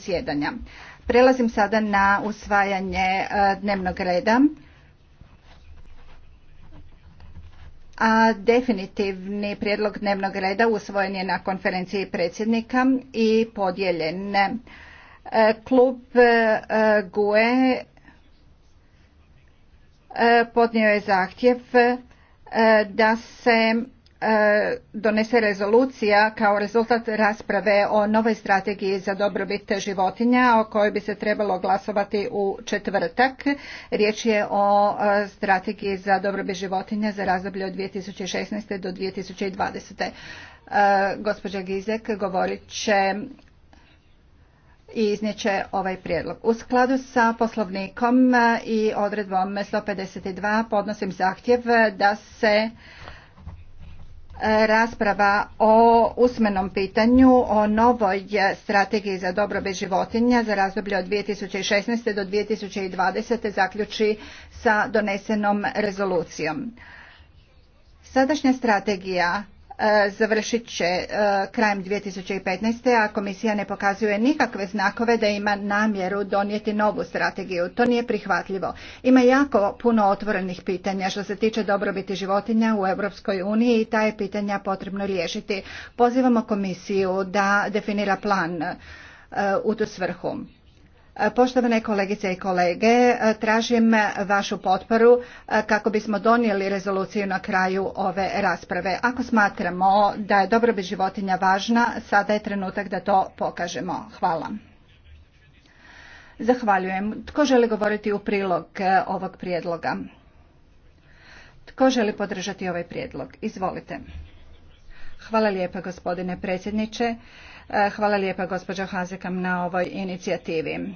sjedanja. Prelazim sada na usvajanje e, dnevnog reda. A definitivni prijedlog dnevnog reda usvojen je na konferenciji predsjednika i podijeljen. E, klub e, GUE podnio je zahtjev da se E, donese rezolucija kao rezultat rasprave o novoj strategiji za dobrobit životinja o kojoj bi se trebalo glasovati u četvrtak. Riječ je o e, strategiji za dobrobit životinja za razdoblje od 2016. do 2020. E, gospođa Gizek govorit će i iznijeće ovaj prijedlog. U skladu sa poslovnikom i odredbom 152 podnosim zahtjev da se rasprava o usmenom pitanju o novoj strategiji za dobrobit životinja za razdoblje od 2016. do 2020. zaključi sa donesenom rezolucijom. Sadašnja strategija E, završit će e, krajem 2015. a komisija ne pokazuje nikakve znakove da ima namjeru donijeti novu strategiju. To nije prihvatljivo. Ima jako puno otvorenih pitanja što se tiče dobrobiti životinja u Europskoj uniji i ta je pitanja potrebno riješiti. Pozivamo komisiju da definira plan e, u tu svrhu. E, poštovane kolegice i kolege, e, tražim vašu potporu e, kako bismo donijeli rezoluciju na kraju ove rasprave. Ako smatramo da je dobrobit životinja važna, sada je trenutak da to pokažemo. Hvala. Zahvaljujem. Tko želi govoriti u prilog ovog prijedloga? Tko želi podržati ovaj prijedlog? Izvolite. Hvala lijepa gospodine predsjedniče. Hvala lijepa gospođo Hazekam na ovoj inicijativi.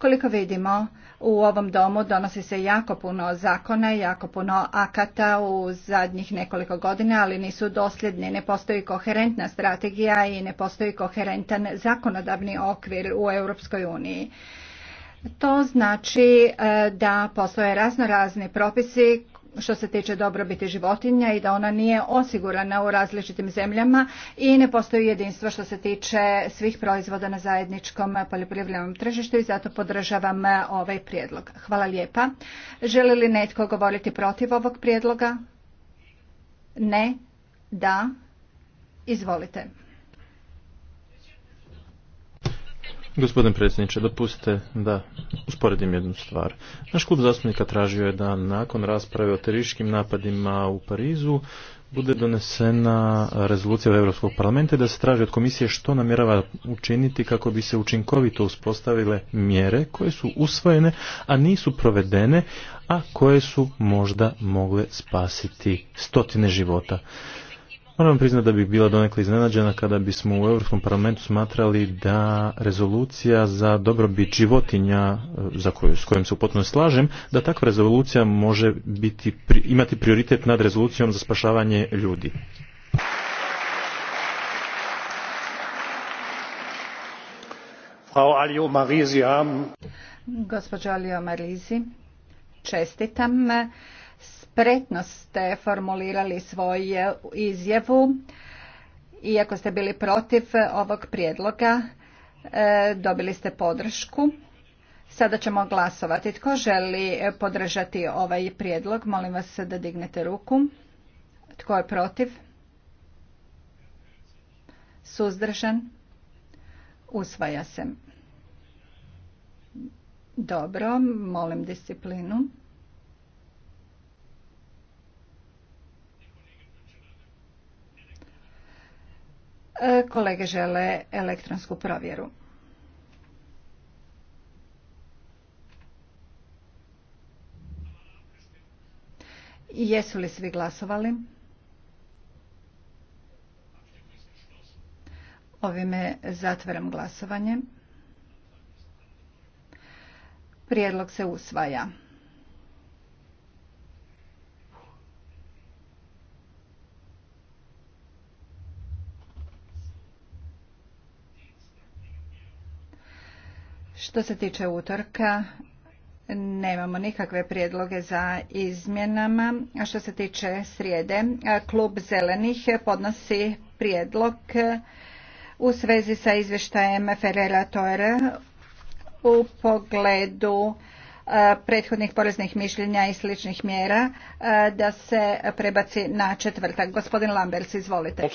Koliko vidimo, u ovom domu donosi se jako puno zakona i jako puno akata u zadnjih nekoliko godina, ali nisu dosljedni. Ne postoji koherentna strategija i ne postoji koherentan zakonodavni okvir u Europskoj uniji. To znači e, da postoje razno razni propisi što se tiče dobrobiti životinja i da ona nije osigurana u različitim zemljama i ne postoji jedinstvo što se tiče svih proizvoda na zajedničkom poljoprivrednom tržištu i zato podržavam e, ovaj prijedlog. Hvala lijepa. Želi li netko govoriti protiv ovog prijedloga? Ne. Da. Izvolite. Gospodin predsjedniče, dopustite da usporedim jednu stvar. Naš klub zastupnika tražio je da nakon rasprave o teriškim napadima u Parizu bude donesena rezolucija Europskog parlamenta i da se traži od komisije što namjerava učiniti kako bi se učinkovito uspostavile mjere koje su usvojene, a nisu provedene, a koje su možda mogle spasiti stotine života. Moram priznati da bih bila donekle iznenađena kada bismo u Europskom parlamentu smatrali da rezolucija za dobrobit životinja, e, za koju, s kojom se upotno slažem, da takva rezolucija može biti, imati prioritet nad rezolucijom za spašavanje ljudi. Frau Alio Marisi, Gospođo Alio Marisi, čestitam spretno ste formulirali svoju izjavu. Iako ste bili protiv ovog prijedloga, e, dobili ste podršku. Sada ćemo glasovati. Tko želi podržati ovaj prijedlog? Molim vas da dignete ruku. Tko je protiv? Suzdržan? Usvaja se. Dobro, molim disciplinu. E, kolege žele elektronsku provjeru. Jesu li svi glasovali? Ovime zatvaram glasovanje. Prijedlog se usvaja. Što se tiče utorka, nemamo nikakve prijedloge za izmjenama. A što se tiče srijede, klub zelenih podnosi prijedlog e, u svezi sa izvještajem Ferrera Torre u pogledu e, prethodnih poreznih mišljenja i sličnih mjera e, da se prebaci na četvrtak. Gospodin Lambers, izvolite.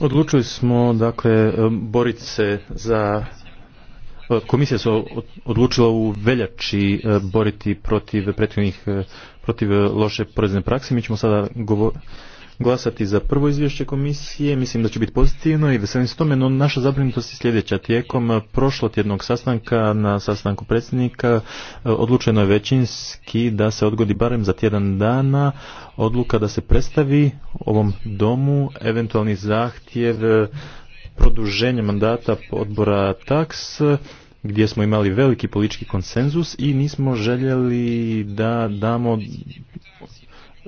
Odlučili smo dakle boriti se za komisija se odlučila u veljači e, boriti protiv e, protiv e, loše porezne prakse. Mi ćemo sada glasati za prvo izvješće komisije. Mislim da će biti pozitivno i veselim se tome, no naša zabrinutost je sljedeća. Tijekom tjednog sastanka na sastanku predsjednika odlučeno je većinski da se odgodi barem za tjedan dana odluka da se predstavi ovom domu eventualni zahtjev produženje mandata odbora taks gdje smo imali veliki politički konsenzus i nismo željeli da damo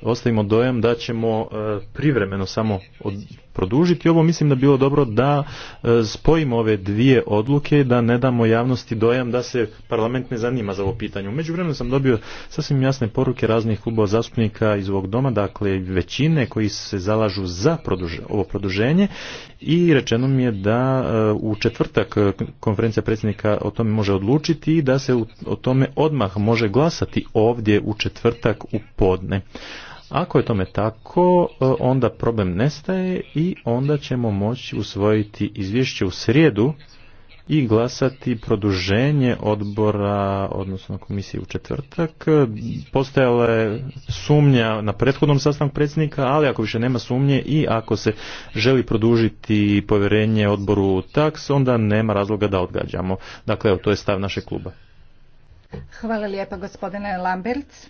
ostavimo dojam da ćemo e, privremeno samo od, produžiti ovo, mislim da bi bilo dobro da e, spojimo ove dvije odluke, da ne damo javnosti dojam da se parlament ne zanima za ovo pitanje. Umeđu vremenu sam dobio sasvim jasne poruke raznih klubova zastupnika iz ovog doma, dakle većine koji se zalažu za ovo produženje i rečeno mi je da e, u četvrtak konferencija predsjednika o tome može odlučiti i da se o tome odmah može glasati ovdje u četvrtak u podne. Ako je tome tako, e, onda problem nestaje i onda ćemo moći usvojiti izvješće u srijedu i glasati produženje odbora, odnosno komisije u četvrtak. Postojala je sumnja na prethodnom sastanku predsjednika, ali ako više nema sumnje i ako se želi produžiti povjerenje odboru taks, onda nema razloga da odgađamo. Dakle, evo, to je stav našeg kluba. Hvala lijepa gospodine Lamberts.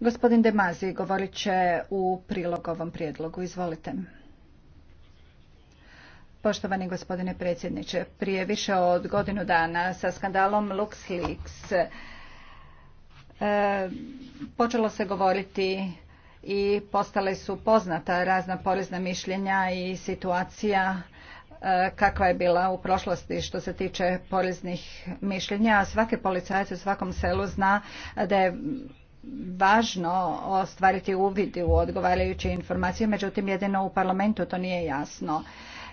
Gospodin Demazi govorit će u prilog ovom prijedlogu. Izvolite. Poštovani gospodine predsjedniče, prije više od godinu dana sa skandalom LuxLeaks e, počelo se govoriti i postale su poznata razna porezna mišljenja i situacija e, kakva je bila u prošlosti što se tiče poreznih mišljenja. Svaki policajac u svakom selu zna da je važno ostvariti uvid u odgovarajuće informacije, međutim jedino u parlamentu to nije jasno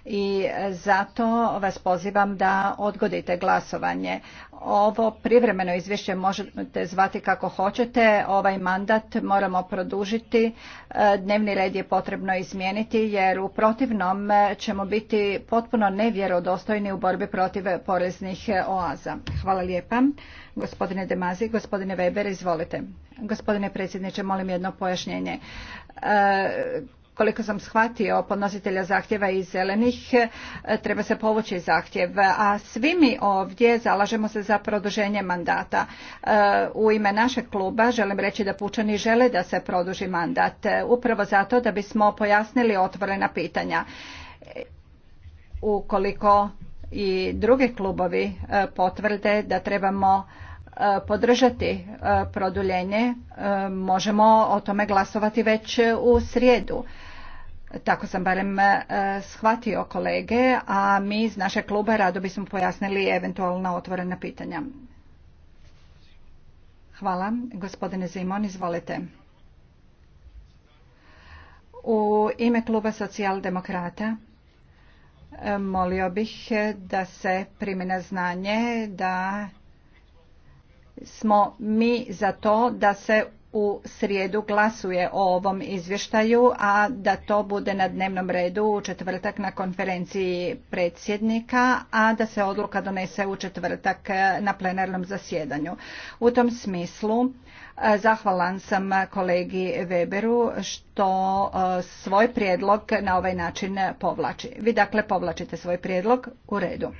i zato vas pozivam da odgodite glasovanje. Ovo privremeno izvješće možete zvati kako hoćete, ovaj mandat moramo produžiti, e, dnevni red je potrebno izmijeniti jer u protivnom ćemo biti potpuno nevjerodostojni u borbi protiv poreznih oaza. Hvala lijepa. Gospodine Demazi, gospodine Weber, izvolite. Gospodine predsjedniče, molim jedno pojašnjenje e, koliko sam shvatio podnositelja zahtjeva iz zelenih, e, treba se povući zahtjev. A svi mi ovdje zalažemo se za produženje mandata. E, u ime našeg kluba želim reći da pučani žele da se produži mandat. E, upravo zato da bismo pojasnili otvorena pitanja. Ukoliko i druge klubovi potvrde da trebamo E, podržati e, produljenje, e, možemo o tome glasovati već u srijedu. Tako sam barem shvatio kolege, a mi iz naše kluba rado bismo pojasnili eventualna otvorena pitanja. Hvala. Gospodine Zimon, izvolite. U ime kluba socijaldemokrata molio bih da se primi na znanje da smo mi za to da se u srijedu glasuje o ovom izvještaju, a da to bude na dnevnom redu u četvrtak na konferenciji predsjednika, a da se odluka donese u četvrtak e, na plenarnom zasjedanju. U tom smislu e, zahvalan sam kolegi Weberu što e, svoj prijedlog na ovaj način povlači. Vi dakle povlačite svoj prijedlog u redu.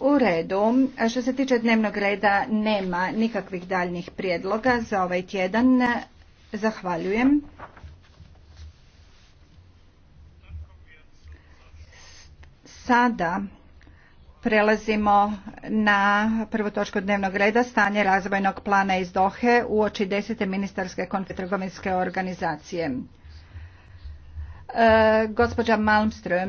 U redu. Što se tiče dnevnog reda, nema nikakvih daljnih prijedloga za ovaj tjedan. Zahvaljujem. Sada prelazimo na prvu točku dnevnog reda, stanje razvojnog plana iz Dohe u oči desete ministarske konfetrgovinske organizacije. E, gospođa Malmström